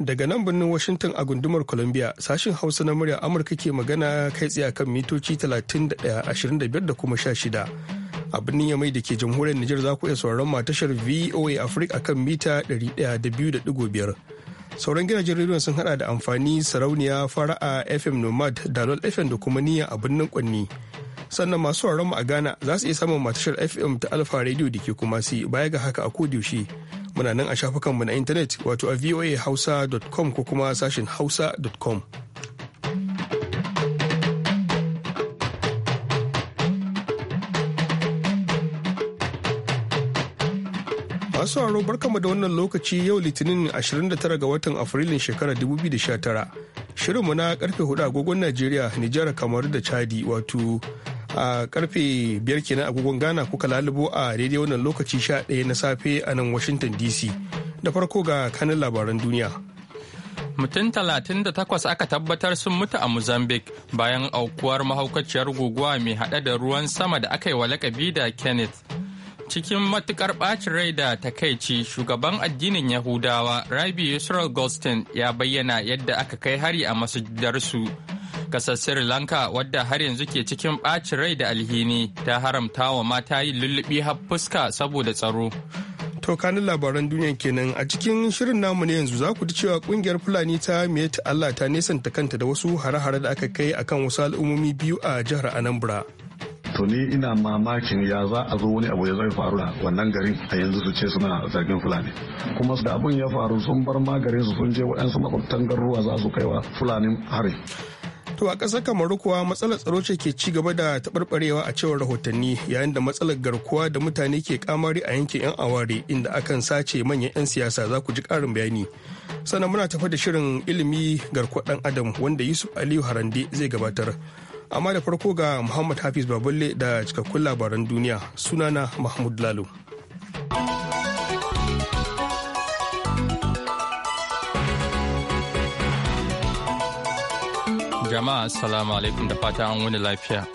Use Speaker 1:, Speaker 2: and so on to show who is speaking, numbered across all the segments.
Speaker 1: Daga nan birnin Washington a gundumar Columbia sashen Hausa na murya Amurka ke magana kai tsaye kan mitoci 31.25 da kuma 16. A birnin Yamai da ke jamhuriyar Nijar za ku iya sauraron ma tashar VOA Africa kan mita 102.5. Sauran gidajen rediyon sun hada da amfani sarauniya fara'a FM Nomad, Dalol FM da kuma niyya a birnin Kwanni. sannan masu mu a Ghana za su iya samun matashar FM ta Alfa Radio da ke kumasi baya ga haka a kodiyoshi muna nan a shafukanmu na intanet wato a voahausa.com ko kuma sashin hausa.com. masu haro barkama da wannan lokaci yau litinin 29 ga watan afrilun shekarar 2019 shirinmu na karfe 4 agogon najeriya nijar kamar da chadi wato a karfe biyar kenan agogon ghana kuka lalubo a daidai wannan lokaci sha ɗaya na safe a nan washington dc da farko ga kanin labaran duniya
Speaker 2: mutum 38 aka tabbatar sun mutu a mozambique bayan aukuwar mahaukaciyar guguwa mai hada da ruwan sama da aka yi wa lakabi da kenneth cikin matukar bacin rai da takaici shugaban addinin yahudawa rabi israel goldstein ya bayyana yadda aka kai hari a masujarsu Kasar Sri Lanka wadda har yanzu ke cikin ɓacin rai da alhini ta haramta wa mata yin lullubi har fuska saboda tsaro.
Speaker 1: To kanin labaran duniya kenan a cikin shirin namu ne yanzu za ku ji cewa kungiyar Fulani ta Miyat Allah ta nesanta kanta da wasu hare-hare da aka kai akan wasu al'ummomi biyu a jihar Anambra.
Speaker 3: to ni ina mamakin ya za a zo wani abu ya zai faru da wannan garin a yanzu su ce suna zargin fulani kuma da abin ya faru sun bar ma garin su sun je waɗansu makwabtan garuruwa za su kaiwa fulani hari
Speaker 1: To a ƙasar Kamaru kuwa matsalar tsaro ce ke ci gaba da taɓarɓarewa a cewar rahotanni yayin da matsalar garkuwa da mutane ke kamari a yankin 'yan aware inda akan sace manyan 'yan siyasa za ku ji ƙarin bayani. Sannan muna tafa da shirin ilimi garkuwa ɗan adam wanda Yusuf Aliyu Harande zai gabatar. Amma da farko ga Muhammad Hafiz Baballe da cikakkun labaran duniya sunana Mahmud Lalo.
Speaker 2: Jama'a Assalamu alaikum da fata an wani lafiya.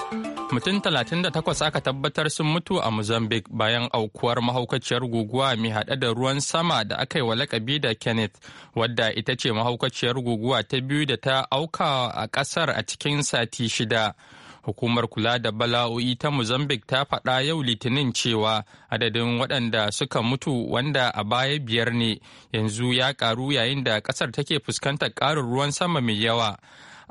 Speaker 2: Mutum 38 aka tabbatar sun mutu a Mozambique bayan aukuwar mahaukaciyar guguwa mai hade da ruwan sama da aka yi wa lakabi da Kenneth, wadda ita ce mahaukaciyar guguwa ta biyu da ta auka a kasar a cikin sati shida. Hukumar kula da bala'o'i ta Mozambique ta faɗa yau Litinin cewa adadin waɗanda suka mutu wanda a baya biyar ne yanzu ya ƙaru yayin da ƙasar take fuskantar ƙarin ruwan sama mai yawa.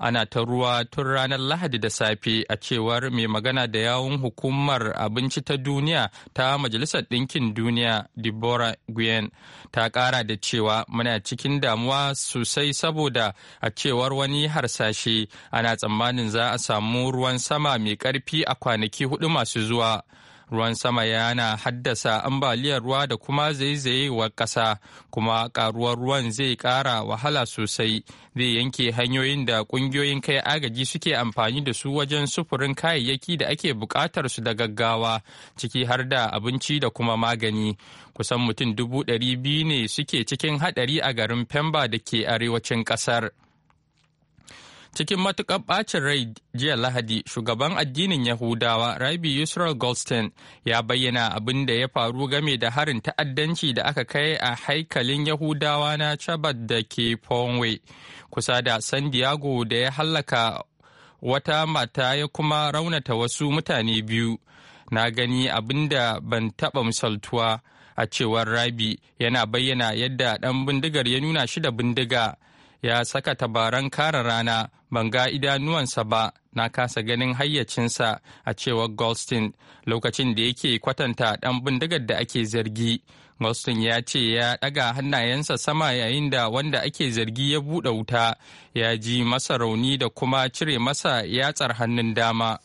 Speaker 2: ana ta ruwa tun ranar lahadi da safe a cewar mai magana da yawun hukumar abinci ta duniya ta majalisar ɗinkin duniya deborah guyen ta ƙara da cewa muna cikin damuwa sosai saboda a cewar wani harsashe ana tsammanin za a samu ruwan sama mai ƙarfi a kwanaki hudu masu zuwa ruwan sama yana haddasa ambaliyar ruwa da kuma zaizayewar ƙasa kuma ƙaruwar ruwan zai ƙara wahala sosai zai yanke hanyoyin da ƙungiyoyin kai agaji suke amfani da su wajen sufurin kayayyaki da ake buƙatar su da gaggawa ciki har da abinci da kuma magani kusan mutum dubu ɗari biyu ne suke cikin haɗari a garin pemba da ke arewacin ƙasar. Cikin matukar ɓacin rai jiya Lahadi, shugaban addinin Yahudawa Rabi Yusra Goldstein ya bayyana abin da ya faru game da harin ta'addanci da aka kai a haikalin Yahudawa na Chabad da ke Ponwe, kusa da San Diego da ya hallaka wata mata ya kuma raunata wasu mutane biyu. Na gani abin da ban taɓa misaltuwa a cewar Rabi yana bayyana yadda ɗan bindigar ya nuna shi da bindiga. ya saka tabaran kara rana ban ga idanuwansa ba na kasa ganin hayyacinsa a cewar goldstein lokacin da yake kwatanta dan bindigar da ake zargi goldstein ya ce ya daga hannayensa sama yayin da wanda ake zargi ya buɗe wuta ya ji masa rauni da kuma cire masa yatsar hannun dama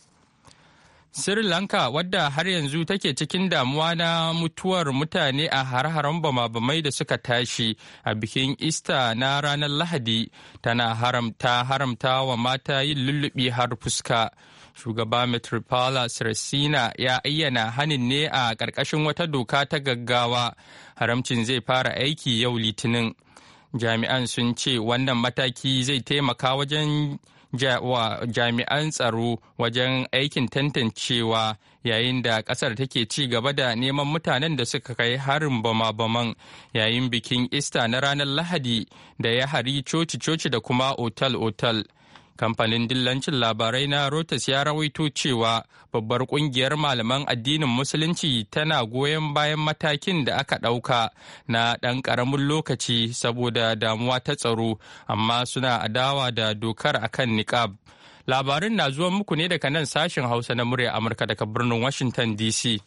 Speaker 2: Sri Lanka wadda har yanzu take cikin damuwa na mutuwar mutane a har-haren bama-bamai da suka tashi a bikin easter na ranar Lahadi tana haramta haramta wa mata yin lullubi har fuska. Shugaba Metripala Sirisina ya ayyana hanin ne a ƙarƙashin wata doka ta gaggawa. Haramcin zai fara aiki yau Litinin. Jami'an sun ce wannan mataki zai taimaka wajen wa jami'an tsaro wajen aikin tantancewa yayin da kasar take ci gaba da neman mutanen da suka kai harin bama-baman yayin bikin ista na ranar lahadi da ya hari coci-coci da kuma otal-otal Kamfanin dillancin labarai na Reuters ya rawaito cewa babbar kungiyar malaman addinin Musulunci tana goyon bayan matakin da aka ɗauka na ɗan ƙaramin lokaci saboda damuwa ta tsaro, amma suna adawa da dokar akan niqab. Labarin na zuwa muku ne daga nan sashen Hausa na murya Amurka daga birnin Washington DC.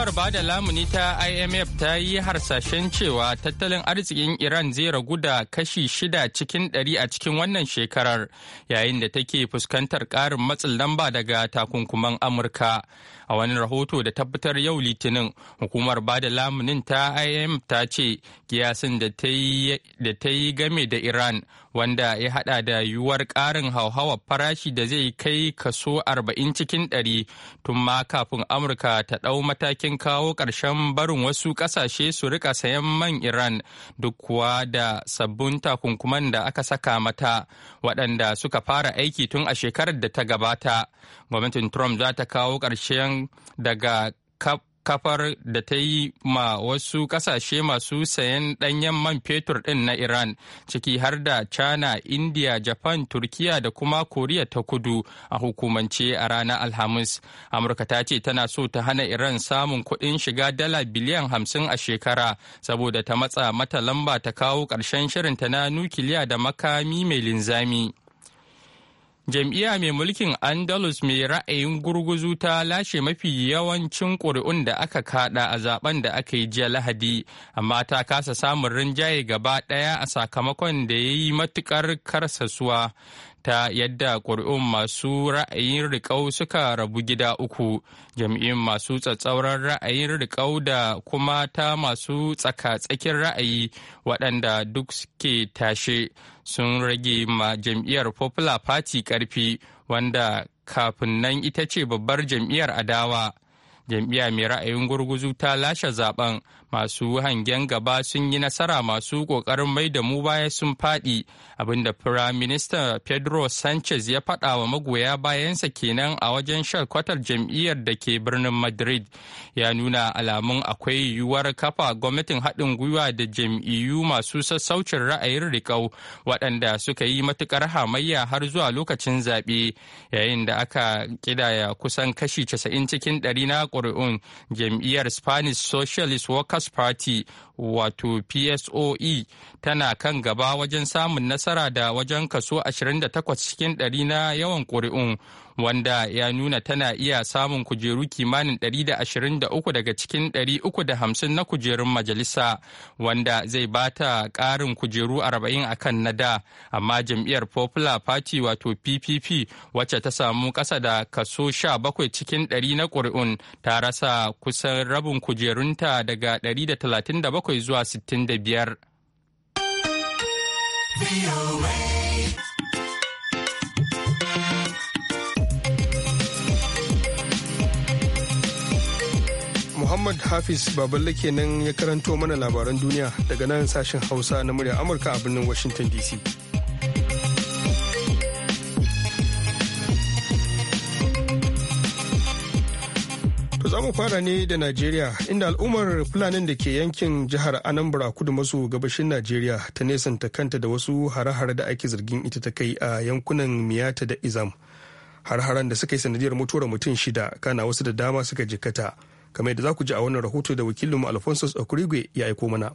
Speaker 2: hukumar ba da lamuni ta imf ta yi harsashen cewa tattalin arzikin iran zai ragu da kashi shida cikin ɗari a cikin wannan shekarar yayin da take fuskantar ƙarin matsin lamba daga takunkuman amurka a wani rahoto da tabbatar yau litinin hukumar ba da lamunin ta imf ta ce kiyasin da ta yi game da iran wanda ya hada da yiwuwar ƙarin hauhawa farashi da zai kai kaso 40 cikin 100 tun ma kafin amurka ta ɗau matakin kawo ƙarshen barin wasu ƙasashe su rika sayan man iran duk kuwa da sabbin takunkuman da aka saka mata waɗanda suka fara aiki tun a shekarar da ta gabata gwamnatin trump za ta kawo ƙarshen daga kafar da ta yi ma wasu kasashe masu sayan ɗanyen man fetur ɗin na Iran, ciki har da China, India, Japan, Turkiya da kuma Koriya ta kudu a hukumance a ranar Alhamis. Amurka ta ce tana so ta hana Iran samun kuɗin shiga dala biliyan hamsin a shekara saboda ta matsa mata lamba ta kawo ƙarshen shirinta na nukiliya da makami mai linzami. jam'iyya mai mulkin andalus mai ra'ayin gurguzu ta lashe mafi yawancin ƙuri'un da aka kada a zaben da aka yi jiya lahadi amma ta kasa samun rinjaye gaba ɗaya a sakamakon da ya yi matuƙar karsasuwa ta yadda ƙuri'un masu ra'ayin riƙau suka rabu gida uku jam'iyyun masu tsatsauran ra'ayin riƙau da kuma ta masu tsaka-tsakin ra'ayi waɗanda duk suke tashe sun rage ma jam'iyyar popular party ƙarfi wanda kafin nan ita ce babbar jam'iyyar adawa jam'iyya mai ra'ayin gurguzu ta lashe zaben masu hangen gaba sun yi nasara masu ƙoƙarin mai da mu baya sun faɗi abinda firaminista pedro sanchez ya faɗa wa magoya bayansa kenan a wajen shakwatar jam'iyyar da ke birnin madrid ya nuna alamun akwai yiwuwar kafa gwamnatin haɗin gwiwa da jam'iyyu masu sassaucin ra'ayin riƙau waɗanda suka yi matuƙar hamayya har zuwa lokacin zaɓe yayin da aka ƙidaya kusan kashi 90 cikin ɗari na ƙuri'un jam'iyyar spanish socialist workers People's Party wato PSOE tana kan gaba wajen samun nasara da wajen kaso 28 cikin 100 na yawan ƙuri'un wanda ya nuna tana iya samun kujeru kimanin 123 daga cikin 350 na kujerun majalisa wanda zai ba ta ƙarin kujeru 40 a kan na da amma jam'iyyar popular party wato ppp wacce ta samu kasa da kaso 17 cikin 100 na ƙuri'un ta rasa kusan rabin kujerunta daga 137 zuwa 65.
Speaker 1: Muhammad Hafiz Baballe nan ya karanto mana labaran duniya daga nan sashen Hausa na murya Amurka a birnin Washington DC. To za mu fara ne da Najeriya inda al'ummar Fulanin da ke yankin jihar Anambra kudu maso gabashin Najeriya ta nesanta kanta da wasu hare-hare da ake zargin ita ta kai a yankunan Miyata da Izam. Har-haren da suka yi sanadiyar mutuwar mutum shida kana wasu da dama suka jikata kamar yadda za ku ji a wannan rahoto da wakilinmu alfonso
Speaker 4: okurigwe ya aiko mana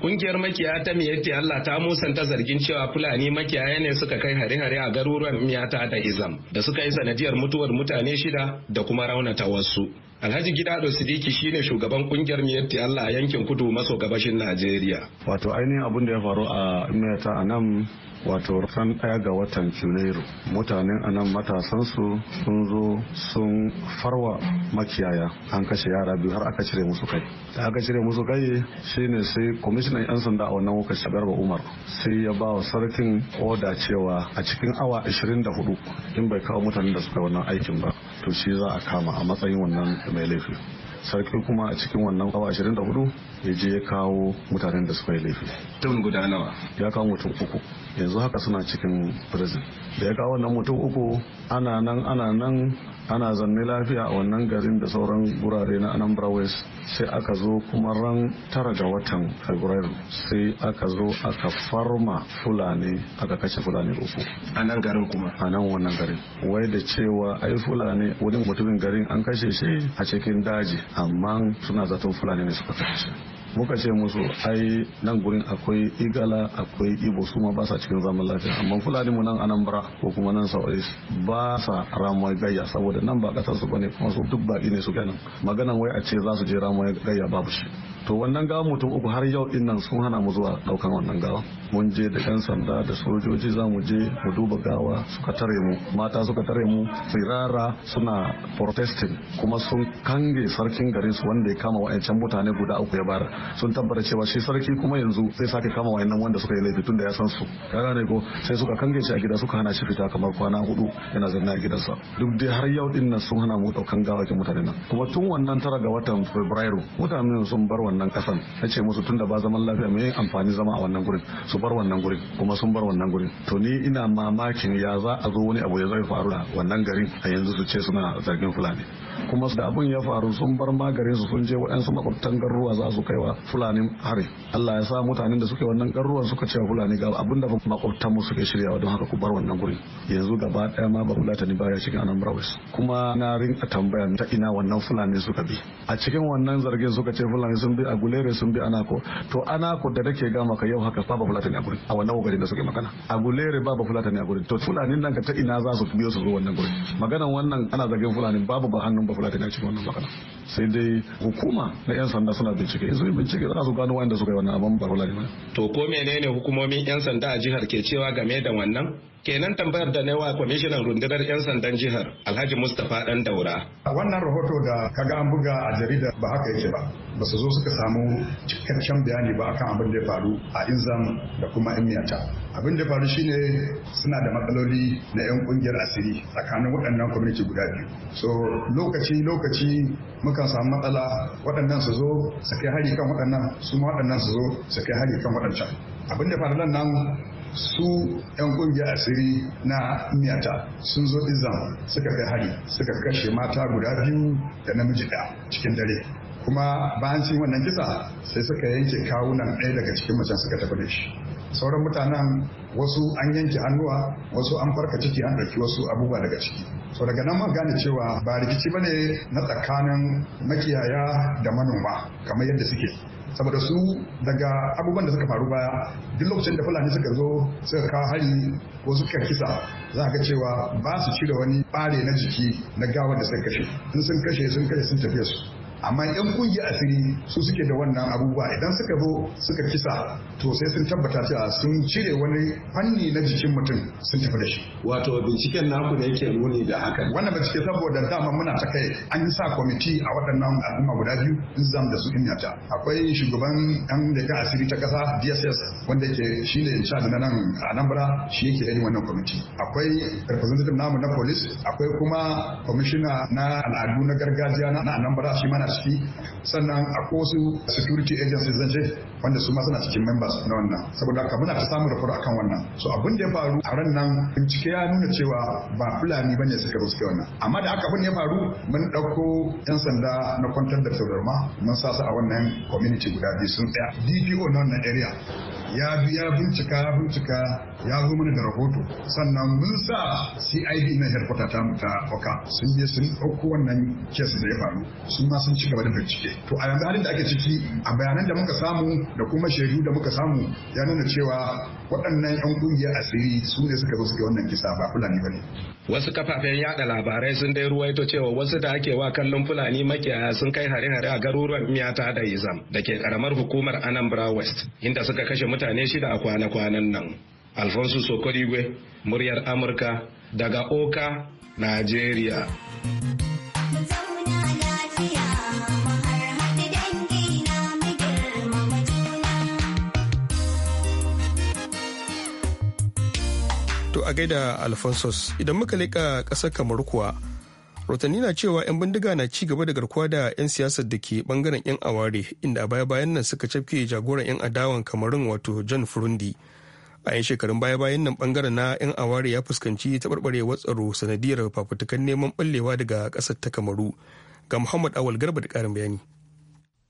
Speaker 4: Kungiyar makiya ta miyatti Allah ta musanta zargin cewa Fulani makiyaya ne suka kai hare-hare a garuruwan miyata da Izam da suka yi sanadiyar mutuwar mutane shida da kuma raunata wasu. Alhaji Gidado Sidiki shine shugaban kungiyar Miyatti Allah a yankin kudu maso gabashin Najeriya.
Speaker 3: Wato ainihin abin da ya faru a Miyata a nan wato ran ɗaya ga watan Janairu. Mutanen a nan matasansu sun zo sun farwa makiyaya an kashe yara biyu har aka cire musu kai. Da aka cire musu kai shine sai kwamishinan 'yan sanda a wannan lokaci Garba Umar sai ya ba wa sarkin oda cewa a cikin awa 24 in bai kawo mutanen da suka wannan aikin ba to shi za a kama a matsayin wannan mai laifi sarki kuma a cikin wannan kawo 24 ya je ya kawo mutanen da suka yi laifi. Mutum guda Ya kawo mutum uku. yanzu haka suna cikin prison da ya kawo wannan mutum uku ana nan ana nan ana zanne lafiya a wannan garin da sauran gurare na anambra west sai aka zo kuma ran tara ga watan fabrairu sai aka zo aka farma fulani aka kashe fulani uku a nan garin kuma a nan wannan garin wai da cewa ai fulani wani mutumin garin an kashe shi a cikin daji amma suna zaton fulani ne suka kashe muka ce musu ai nan gurin akwai igala akwai ibo su ma ba sa cikin zaman lafiya amma fulani mu nan anambra ko kuma nan sauri ba sa ramuwar gayya saboda nan ba kasar su bane kuma su duk baki ne su ganin maganan wai a ce za su je ramuwar gayya babu shi to wannan gawa mutum uku har yau din nan sun hana mu zuwa daukan wannan gawa mun je da ɗan sanda da sojoji za mu je mu duba gawa suka tare mu mata suka tare mu tsirara suna protesting kuma sun kange sarkin garin su wanda ya kama wa'ancan mutane guda uku ya bara sun tabbata cewa shi sarki kuma yanzu zai sake kama wa'annan wanda suka yi laifi tun da ya san su kaga ne ko sai suka kange shi a gida suka hana shi fita kamar kwana hudu yana zanna a gidansa duk dai har yau din nan sun hana mu daukan ke mutane nan kuma tun wannan tara ga watan fabrairu mutanen sun bar wannan wannan kasan na ce musu tunda ba zaman lafiya mai amfani zama a wannan gurin su bar wannan gurin kuma sun bar wannan gurin to ni ina mamakin ya za a zo wani abu ya zai faru da wannan garin a yanzu su ce suna zargin fulani kuma da abun ya faru sun bar magarin su sun je waɗansu makwabtan garuruwa za su kaiwa fulani hari Allah ya sa mutanen da suke wannan garuruwan suka ce fulani ga abin da makwabtan mu suke shiryawa don haka ku bar wannan gurin yanzu gaba daya ma ba ni baya cikin anambra west kuma na rinka tambaya ta ina wannan fulani suka bi a cikin wannan zargin suka ce fulani sun bi bi agulere sun bi anako to anako da nake ga maka yau haka ba fulata ne a gurin a wannan kokarin da suke magana agulere ba ba fulata ne a gurin to fulanin nan ka ta ina za su biyo su zo wannan gurin maganan wannan ana zagin fulanin babu ba hannun ba fulata ne a cikin wannan magana sai dai hukuma na yan sanda suna bincike in bincike za su gano wanda suka yi wannan abin ba fulani
Speaker 4: to ko menene hukumomin yan sanda a jihar ke cewa game da wannan kenan tambayar da nawa kwamishinan rundunar 'yan sandan jihar alhaji mustapha dan daura
Speaker 5: wannan rahoto da kaga an buga a jarida ba haka yake ba ba su zo suka samu cikakken bayani ba akan abin da ya faru a inzam da kuma in miyata abin da faru shine suna da matsaloli na 'yan kungiyar asiri tsakanin waɗannan kwamiti guda biyu so lokaci lokaci mukan samu matsala waɗannan su zo su kai hari kan waɗannan su ma waɗannan su zo su kai hari kan waɗancan abin da faru nan su 'yan kungiyar asiri na miyata sun zo izan suka kai hari suka kashe mata guda biyu da namiji ɗaya cikin dare kuma bayan cin wannan kisa sai suka yanke kawunan ɗaya daga cikin macen suka tafi da shi sauran mutanen wasu an yanke hannuwa wasu an farka ciki an ɗauki wasu abubuwa daga ciki so daga nan ma gane cewa ba rikici bane na tsakanin makiyaya da manoma kamar yadda suke saboda su daga abubuwan da suka faru baya duk lokacin da fulani suka zo suka kawo hari ko suka kisa za a ga cewa ba su cire wani bare na jiki na gawar da suka kashe in sun kashe sun kashe sun tafiye su amma yan kungiya asiri su suke da wannan abubuwa idan suka zo suka kisa to sai sun tabbata cewa sun cire wani fanni na jikin mutum sun tafi da shi wato binciken naku da yake nuni da haka wannan bincike saboda dama muna ta kai an yi sa kwamiti a waɗannan al'umma guda biyu zam da su inyata akwai shugaban yan da asiri ta ƙasa dss wanda ke shi ne in na nan anambra shi yake yin wannan kwamiti akwai representative namu na police akwai kuma commissioner na al'adu na gargajiya na anambra shi mana ciki sannan a kosu security agencies zan wanda su ma suna cikin members na wannan saboda haka muna ta samun rafar akan wannan so abin da ya faru a ran nan bincike ya nuna cewa ba fulani bane suka zo suke wannan amma da aka abin ya faru mun dauko yan sanda na kwantar da taurarma mun sa su a wannan community guda biyu sun tsaya DPO na wannan area ya biya bincika bincika ya zo mana da rahoto sannan mun sa CID na herkwata ta ta oka sun je sun ɗauko wannan kes da ya faru sun ma sun ci gaba da bincike to a yanzu halin da ake ciki a bayanan da muka samu da kuma shaidu da muka samu ya nuna cewa waɗannan 'yan ƙungiyar asiri su ne suka zo suke wannan kisa ba fulani ba ne.
Speaker 4: Wasu kafafen yada labarai sun dai ruwaito cewa wasu da ake wa kallon Fulani makiyaya sun kai hare-hare a garuruwan Miyata da Izam da ke karamar hukumar Anambra West inda suka kashe mutane shida a kwana-kwanan nan. Alfonso Sokodigwe, muryar Amurka daga Oka, Najeriya.
Speaker 1: To a gaida Alphonsus idan muka leƙa ƙasar kamar kuwa rotanni na cewa 'yan bindiga na ci gaba da garkuwa da 'yan siyasar da ke bangaren 'yan aware inda a baya-bayan nan suka cafke jagoran 'yan adawan kamarun wato john furundi bayan shekarun baya-bayan nan bangaren na 'yan aware ya fuskanci taɓarɓarewar tsaro sanadiyar fafutukan neman ɓallewa daga ƙasar ta kamaru ga muhammad awal garba da ƙarin bayani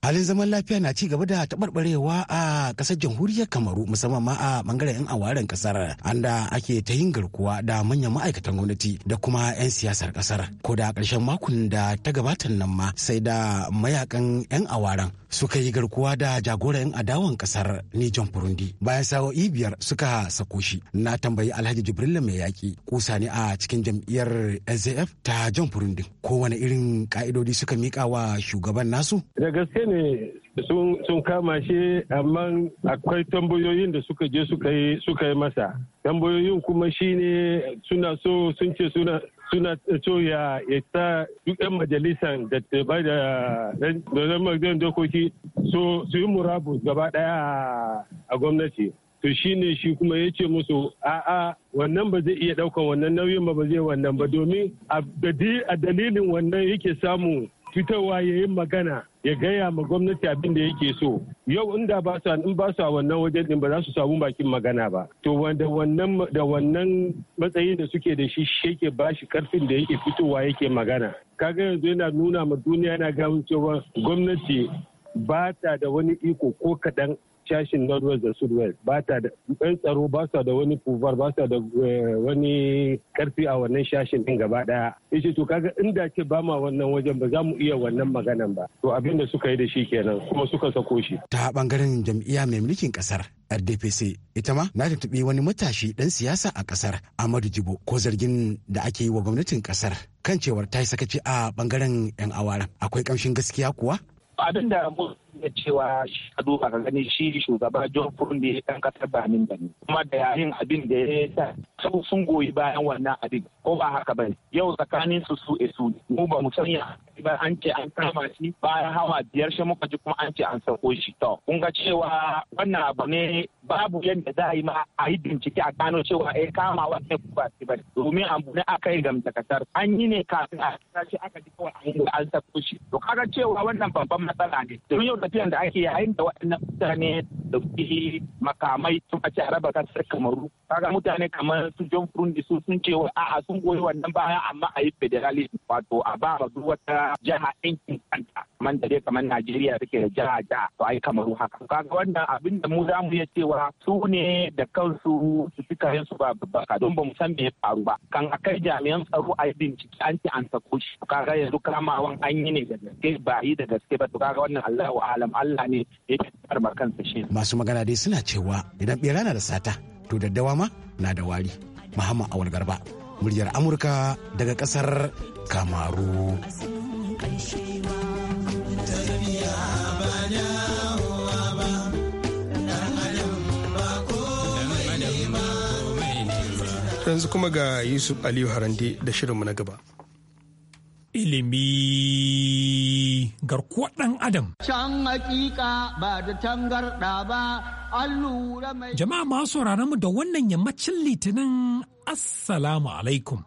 Speaker 6: halin zaman lafiya na ci gaba da taɓarɓarewa a ƙasar jamhuriyar kamaru musamman ma a ɓangaren 'yan awaren ƙasar anda ake ta yin garkuwa da manyan ma'aikatan gwamnati da kuma 'yan siyasar ƙasar ko da ƙarshen makon da ta gabatan nan ma sai da mayakan 'yan awaren suka yi garkuwa da jagoran 'yan adawan ƙasar nijon furundi bayan sa'o'i biyar suka sako shi na tambayi alhaji jibrila mai yaƙi kusa ne a cikin jam'iyyar sdf ta jan furundi kowane irin ka'idodi suka miƙa wa shugaban nasu
Speaker 7: da gaske ne ne sun kama shi amma akwai tambayoyin da suka je suka yi masa tambayoyin kuma shi ne suna so sun ce suna suna so ya ta duk 'yan majalisar da ta ba da ɗan magdan dokoki so su yi murabus gaba daya a gwamnati to shi ne shi kuma ya ce musu a'a wannan ba zai iya ɗaukan wannan nauyin ba ba zai wannan ba domin a dalilin wannan yake samu fitowa ya yi magana ya gaya ma gwamnati abin da yake so yau inda ba su in ba su a wannan wajen din ba za su samu bakin magana ba to wanda wannan da wannan matsayin da suke da shi sheke ba shi karfin da yake fitowa yake magana kaga yanzu yana nuna ma duniya yana gawo cewa gwamnati ba ta da wani iko ko kaɗan cashin northwest da southwest ba ta da yan tsaro ba sa da wani puvar ba sa da eh, wani karfi a wannan shashin din gaba daya yace to kaga inda ce ba ma wannan wajen ba za mu iya wannan maganan ba to abin da suka yi da shi kenan kuma suka sako shi
Speaker 6: ta bangaren jam'iyya mai mulkin kasar RDPC ita ma na tuntuɓi wani matashi ɗan siyasa a kasar Amadu Jibo ko zargin da ake yi wa gwamnatin ƙasar kan cewar ta yi sakaci a bangaren 'yan awara akwai ƙamshin gaskiya kuwa
Speaker 8: abin da da cewa a duba ka gani shi shugaba John da ya kan kasar Bamin da ne kuma da yayin abin da ya yi. sabu sun goyi bayan wannan abin ko ba haka ba yau tsakanin su su esu mu ba mu sanya ba an ce an kama shi bayan hawa biyar shi muka ji kuma an ce an sako shi to kun ga cewa wannan abu ne babu yadda za a yi ma a yi bincike a gano cewa ya eh, kama wannan ba shi ba domin abu ne aka yi gamdakatar an yi ne kafin a tashi aka ji kawai an yi an sako shi to kaga cewa wannan babban matsala ne domin yau tafiyan da ake yayin da waɗannan mutane da kuɗi makamai sun ce a raba kasar kamaru kaga mutane kamar su John Frundi su sun ce wa a'a sun goyi wannan baya amma a yi federalism wato a ba duk wata jiha yankin kanta kamar da dai kamar Najeriya suke da jiha to ai kamaru haka kaga wannan abin da mu za mu iya cewa su ne da kansu su suka yin su ba babbaka don ba mu san me ya faru ba kan akai jami'an tsaro ai bincike an ce an sako shi kaga yanzu kamawan an yi ne da gaske ba yi da gaske ba to kaga wannan wa alam Allah ne ya kansa shi
Speaker 6: masu magana dai suna cewa idan bera na da sata to daddawa ma na da wari Muhammad Awal Garba muryar Amurka daga ƙasar Kamaru.
Speaker 1: yanzu kuma ga yusuf aliyu harande da shirinmu na gaba
Speaker 9: ilimi garkuwar ɗan adam.
Speaker 10: Can hakika
Speaker 7: ba da tangarɗa ba, an lura mai... Jama'a
Speaker 9: sauraron mu da wannan yammacin litinin Assalamu alaikum.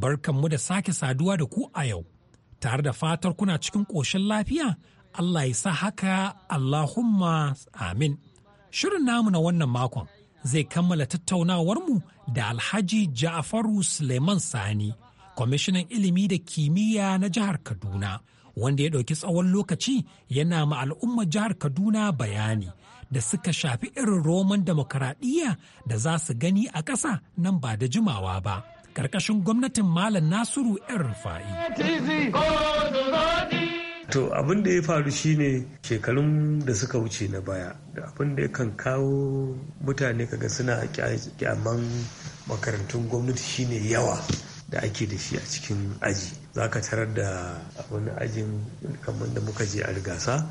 Speaker 9: Barkanmu da sake saduwa da ku a yau, tare da fatar kuna cikin ƙoshin lafiya, Allah ya sa haka Allahumma amin. Shirin namu na wannan makon zai kammala tattaunawarmu da Alhaji Ja'faru Suleiman Sani, kwamishinan ilimi da kimiyya na jihar Kaduna, wanda ya ɗauki tsawon lokaci yana ma al'umma jihar Kaduna bayani da suka shafi irin roman demokaradiyya da za su gani a ƙasa nan ba da jimawa ba. Ƙarƙashin gwamnatin Malam Nasiru 'yan rufa'i.
Speaker 11: to abin da ya faru shine shekarun da suka wuce na baya da abin da kan kawo mutane kaga suna kyaman makarantun gwamnati shine yawa da ake da shi a cikin aji za ka tarar da wani ajin kamar da muka je a rigasa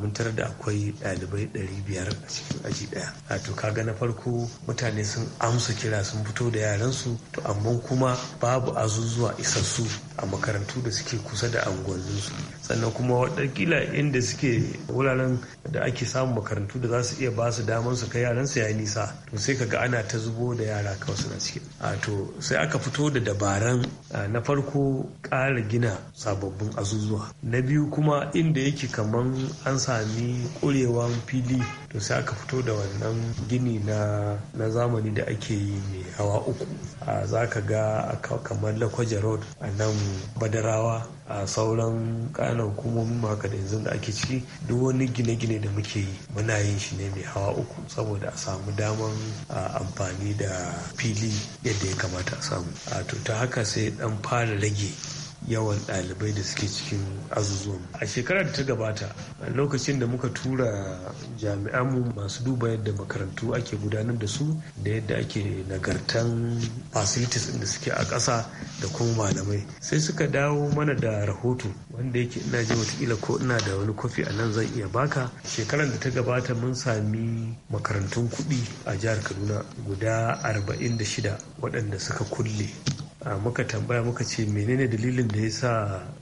Speaker 11: mun tarar da akwai ɗalibai ɗari biyar a cikin aji ɗaya a to kaga na farko mutane sun amsa kira sun fito da yaransu to amma kuma babu azuzuwa isassu a makarantu da suke kusa da unguwanninsu sannan kuma watakila inda suke wuraren da ake samun makarantu da za su iya ba su damar su kai yaran su yayi nisa to sai kaga ana ta zubo da yara kawai suna ciki a to sai aka fito da dabaran na farko ƙara fara gina sababbin azuzuwa na biyu kuma inda yake kaman an sami ƙurewan fili to sai aka fito da wannan gini na na zamani da ake yi mai hawa uku a za ka ga kamar lakwaje road a nan badarawa a sauran kanan hukumomin maka da yanzu da ake ciki duk wani gine-gine da muke yi muna yin shi ne mai hawa uku saboda a samu daman amfani da fili yadda ya kamata a samu a to ta haka sai dan fara rage yawan ɗalibai da suke cikin azuzuwan a shekarar da ta gabata lokacin da muka tura jami'anmu masu duba yadda makarantu ake gudanar da su da yadda ake nagartan facilities da suke a ƙasa da kuma malamai sai suka dawo mana da rahoto wanda yake ina ji watakila ko ina da wani kofi a nan zan iya baka shekarar da ta gabata mun sami makarantun kuɗi a jihar kaduna guda 46 waɗanda suka kulle muka tambaya muka ce menene dalilin da ya sa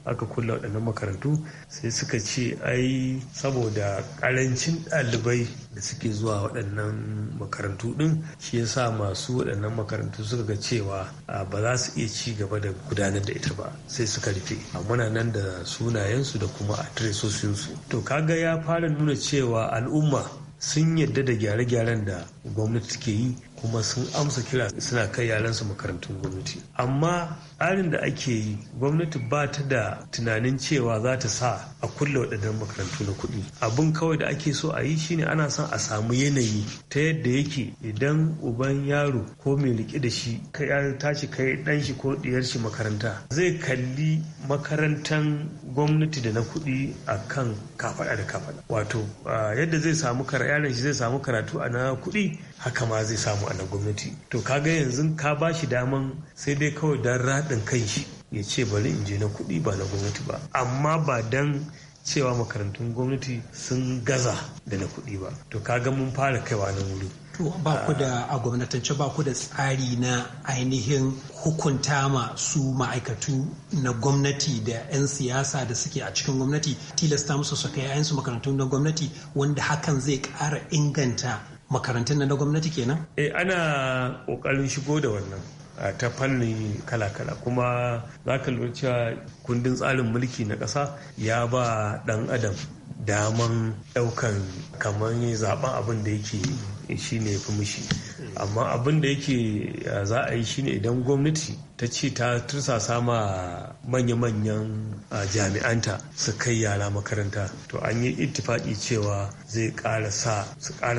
Speaker 11: aka kulla waɗannan makarantu sai suka ce ai saboda ƙarancin ɗalibai da suke zuwa waɗannan makarantu ɗin shi ya sa masu waɗannan makarantu suka ga cewa ba za su iya ci gaba da gudanar da ita ba sai suka rufe muna nan da sunayensu da kuma adiresosinsu to kaga ya fara nuna cewa al'umma sun yadda da gyare-gyaren da gwamnati ke yi kuma sun amsa kira suna kai yaransu makarantun gwamnati amma tsarin da ake yi gwamnati ba ta da tunanin cewa za ta sa a kulle waɗannan makarantu na kuɗi abin kawai da ake so a yi shine ana son a samu yanayi ta yadda yake idan uban yaro ko mai riƙe da shi kai ya tashi kai ɗan shi ko ɗiyar shi makaranta zai kalli makarantan gwamnati da na kuɗi a kan kafaɗa da kafaɗa wato yadda zai samu yaron shi zai samu karatu a na kuɗi haka ma zai samu a na gwamnati to kaga yanzu ka ba shi daman sai dai kawai don raɗin kan shi ya ce bari in je na kuɗi ba na gwamnati ba amma ba don cewa makarantun gwamnati sun gaza da na kuɗi ba to kaga mun fara kaiwa na wuri
Speaker 9: to ba ku da a gwamnatance ba ku da tsari na ainihin hukunta ma su ma'aikatu na gwamnati da 'yan siyasa da suke a cikin gwamnati tilasta musu su kai 'ya'yansu makarantun na gwamnati wanda hakan zai ƙara inganta makarantun na gwamnati kenan?
Speaker 11: Eh ana ƙoƙarin shigo da wannan ta fanni kala-kala kuma za ka lura cewa kundin tsarin mulki na ƙasa ya ba ɗan adam daman ɗaukan kamar zaɓen abin da yake Eh, shi ne fi mushi amma abin da yake za a yi shine idan gwamnati ta ce ta tursa sama manya-manyan jami'anta su kai yara makaranta to an yi ittifaki cewa zai ƙara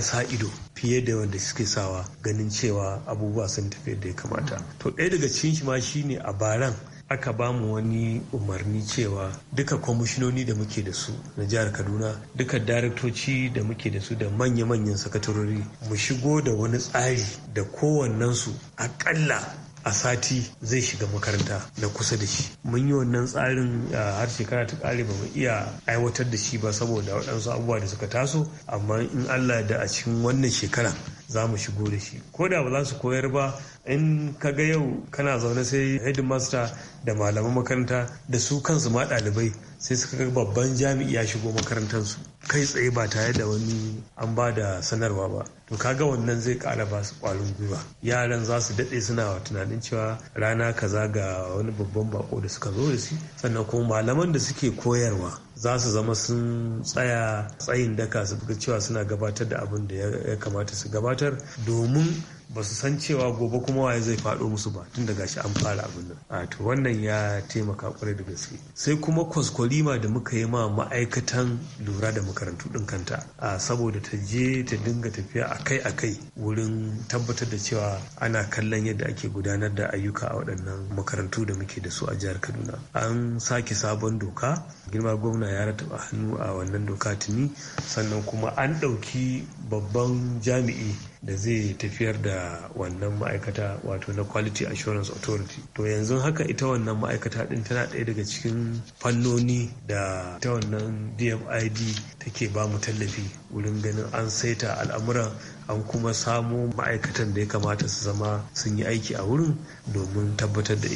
Speaker 11: sa ido fiye da wanda suke sawa ganin cewa abubuwa sun tafi da ya kamata to ɗaya daga cikin shi ma shine a baran aka ba mu wani umarni cewa duka kwamishinoni da muke da su na jihar kaduna duka daraktoci da muke da su da manya-manyan sakatarori mu shigo da wani tsari da kowannensu akalla a sati zai shiga makaranta na kusa da shi mun yi wannan tsarin har shekara ta kare ba mu iya aiwatar da shi ba saboda waɗansu abubuwa da suka taso amma in allah da a cikin wannan shekara za mu shigo da shi ko da ba za su koyar ba in ka ga yau kana zaune sai headmaster da malaman makaranta da su kansu ma ɗalibai sai suka ga babban jami'i ya shigo makarantarsu kai tsaye ba tare da wani an ba da sanarwa ba to kaga wannan zai kara ba su kwarin gwiwa yaran za su daɗe suna tunanin cewa rana kaza ga wani babban bako da suka zo da shi sannan kuma malaman da suke koyarwa za su zama sun tsaya tsayin daka su ga cewa suna gabatar da abin da ya kamata su gabatar domin ba su san cewa gobe kuma waye zai faɗo musu ba tun daga shi an fara abin nan a to wannan ya taimaka kwarai da gaske sai kuma kwaskwalima da muka yi ma ma'aikatan lura da makarantu ɗin kanta a saboda ta je ta dinga tafiya akai akai wurin tabbatar da cewa ana kallon yadda ake gudanar da ayyuka a waɗannan makarantu da muke da su a jihar kaduna an sake sabon doka girma gwamna ya rataba hannu a wannan doka tuni sannan kuma an ɗauki babban jami'i da zai tafiyar da wannan ma'aikata wato na quality assurance authority to yanzu haka ita wannan ma'aikata din tana ɗaya daga cikin fannoni da ta wannan dfid take ba mu tallafi wurin ganin an saita al'amuran an kuma samo ma'aikatan da ya kamata su zama sun yi aiki a wurin domin tabbatar da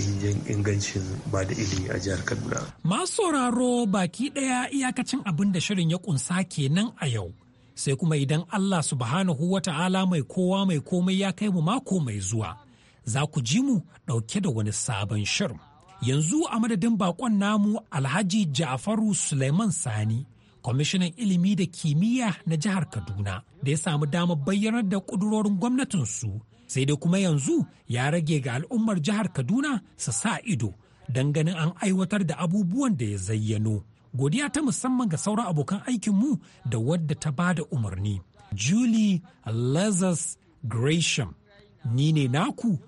Speaker 11: ingancin ba da ilimi a jihar kaduna
Speaker 9: masu sauraro baki ɗaya iyakacin abin da shirin ya kunsa kenan a yau sai kuma idan Allah subhanahu wa ta'ala mai kowa mai komai ya kai mu mako mai zuwa za ku ji mu ɗauke da wani sabon shirin. Yanzu a madadin bakon namu Alhaji Ja'faru Suleiman Sani, kwamishinan ilimi da kimiyya na jihar Kaduna da ya samu damar bayyanar da ƙudurorin gwamnatinsu sai dai kuma yanzu ya rage ga al'ummar jihar Kaduna su sa ido don ganin an aiwatar da abubuwan da ya zayyano. Godiya ta musamman ga sauran abokan aikinmu da wadda ta ba da umarni. Julie Lazarus Gresham, ni ne naku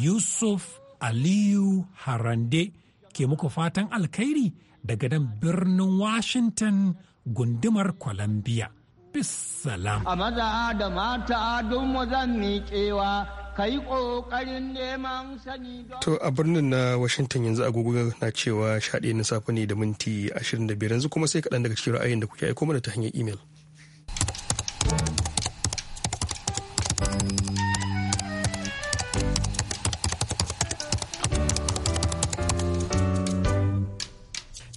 Speaker 9: Yusuf Aliyu Harande ke muku fatan alkhairi daga nan birnin Washington gundumar Columbia. Bis A
Speaker 1: maza da mata don mu zan miƙewa. To a birnin na Washington yanzu agogo na cewa shaɗe na safe ne da minti 25 yanzu kuma sai kaɗan daga cikin ra'ayin da kuke aiko mana ta hanyar imel.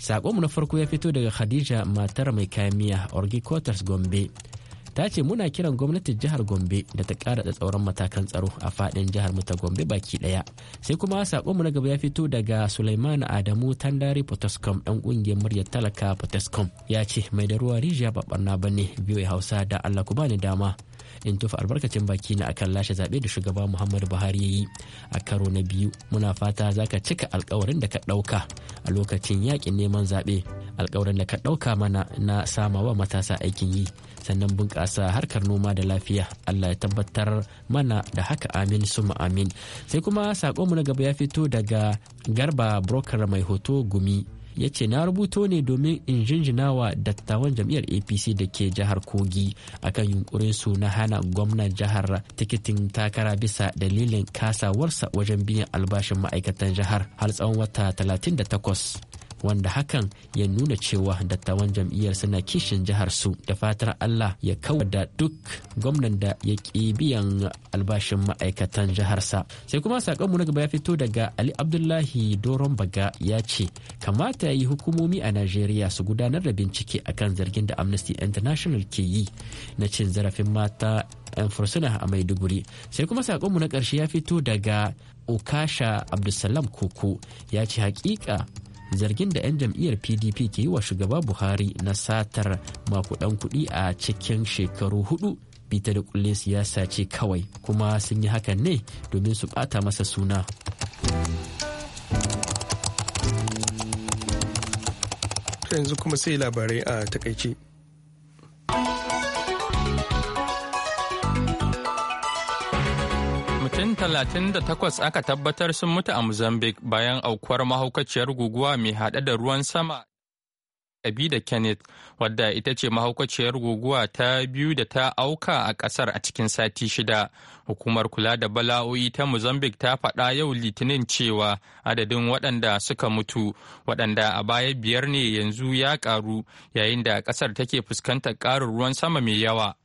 Speaker 10: Saƙonmu na farko ya fito daga Khadija matar mai kamiya Orgi Quarters Gombe. ta ce muna kiran gwamnatin jihar gombe da ta kara tsauran matakan tsaro a fadin jihar mu ta gombe baki daya sai kuma mu na gaba ya fito daga sulaiman adamu tandari potoscom dan kungiyar muryar talaka potoscom ya ce mai da ruwa rijiya ba ne bane biyu hausa da allah ku bani dama in tufa albarkacin baki na akan lashe zaɓe da shugaba muhammadu buhari ya yi a karo na biyu muna fata za ka cika alkawarin da ka ɗauka a lokacin yakin neman zaɓe alkawarin da ka ɗauka mana na samawa matasa aikin yi sannan bunƙasa harkar noma da lafiya Allah ya tabbatar mana da haka amin suma amin sai kuma saƙonmu na gaba ya fito daga garba brokar mai hoto gumi ya ce na rubuto ne domin in jinjina wa dattawan jam'iyyar apc da ke jihar kogi akan yunkurin su na hana gwamnan jihar tikitin takara bisa dalilin kasawarsa wajen biyan albashin ma'aikatan jihar har tsawon wata 38 wanda hakan ya nuna cewa dattawan jam'iyyar suna kishin jihar su da fatar Allah ya kawar da duk gwamnan da ya ƙi biyan albashin ma'aikatan jiharsa sai kuma saƙonmu na gaba ya fito daga Ali Abdullahi Doron Baga ya ce kamata ya yi hukumomi a Najeriya su gudanar da bincike akan zargin da Amnesty International ke yi na cin zarafin mata 'yan fursuna a Maiduguri sai kuma saƙonmu na ƙarshe ya fito daga Okasha Abdulsalam Koko ya ce hakika zargin da 'yan jam'iyyar pdp ke yi wa shugaba buhari na satar makudan kudi a cikin shekaru hudu bita da kulle siyasa ce kawai kuma sun yi hakan ne domin su bata masa suna
Speaker 1: yanzu kuma sai labarai a takaice
Speaker 2: 38 aka tabbatar sun mutu a Mozambique bayan aukuwar mahaukaciyar guguwa mai haɗe da ruwan sama Abi da Kenneth, wadda ita ce mahaukaciyar guguwa ta biyu da ta auka a ƙasar a cikin sati shida. Hukumar kula da bala'o'i ta Mozambique ta faɗa yau Litinin cewa adadin waɗanda suka mutu, waɗanda a baya biyar ne yanzu ya ƙaru yayin da ƙasar take fuskantar ƙarin ruwan sama mai yawa.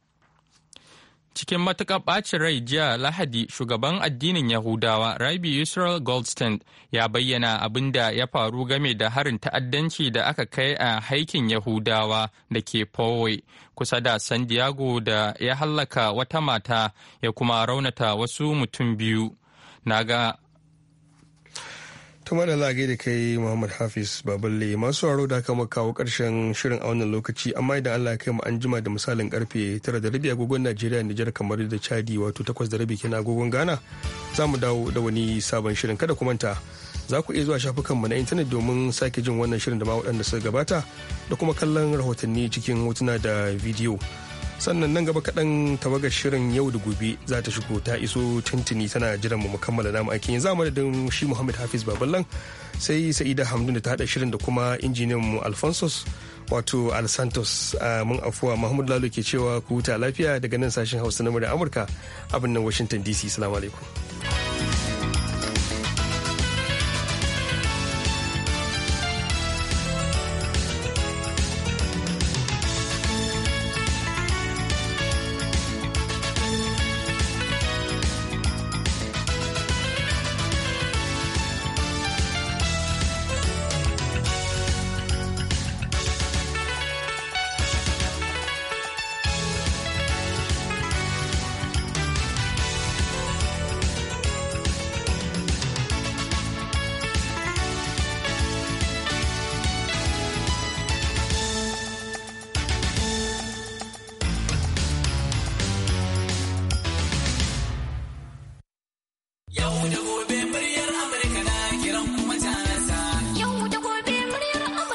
Speaker 2: Cikin matuƙar ɓacin rai jiya Lahadi, shugaban addinin Yahudawa Rabi israel Goldstein ya bayyana abin da ya faru game da harin ta'addanci da aka kai a haikin Yahudawa da ke Poway kusa da San Diego da ya hallaka wata mata ya kuma raunata wasu mutum biyu. Na ga
Speaker 1: Tuma da lage da kai Muhammad Hafiz Baballe masu sauraro da aka kawo karshen shirin a wannan lokaci amma idan Allah ya kai mu an jima da misalin karfe 9 da rabi agogon Najeriya Nijar kamar da Chadi wato 8 da rabi kenan agogon Ghana za mu dawo da wani sabon shirin kada ku manta za ku iya zuwa shafukanmu na intanet domin sake jin wannan shirin da ma waɗanda suka gabata da kuma kallon rahotanni cikin hotuna da bidiyo. sannan nan gaba kaɗan tawagar shirin yau da gobe za ta shigo ta iso tintini tana jiran mu kammala namu aikin yanzu amma da shi muhammad hafiz baballan sai sa'ida hamdu da ta haɗa shirin da kuma injiniyan mu alphonsus wato al santos mun afuwa mahmud lalo ke cewa ku huta lafiya daga nan sashen hausa na amurka abin nan washington dc salamu alaikum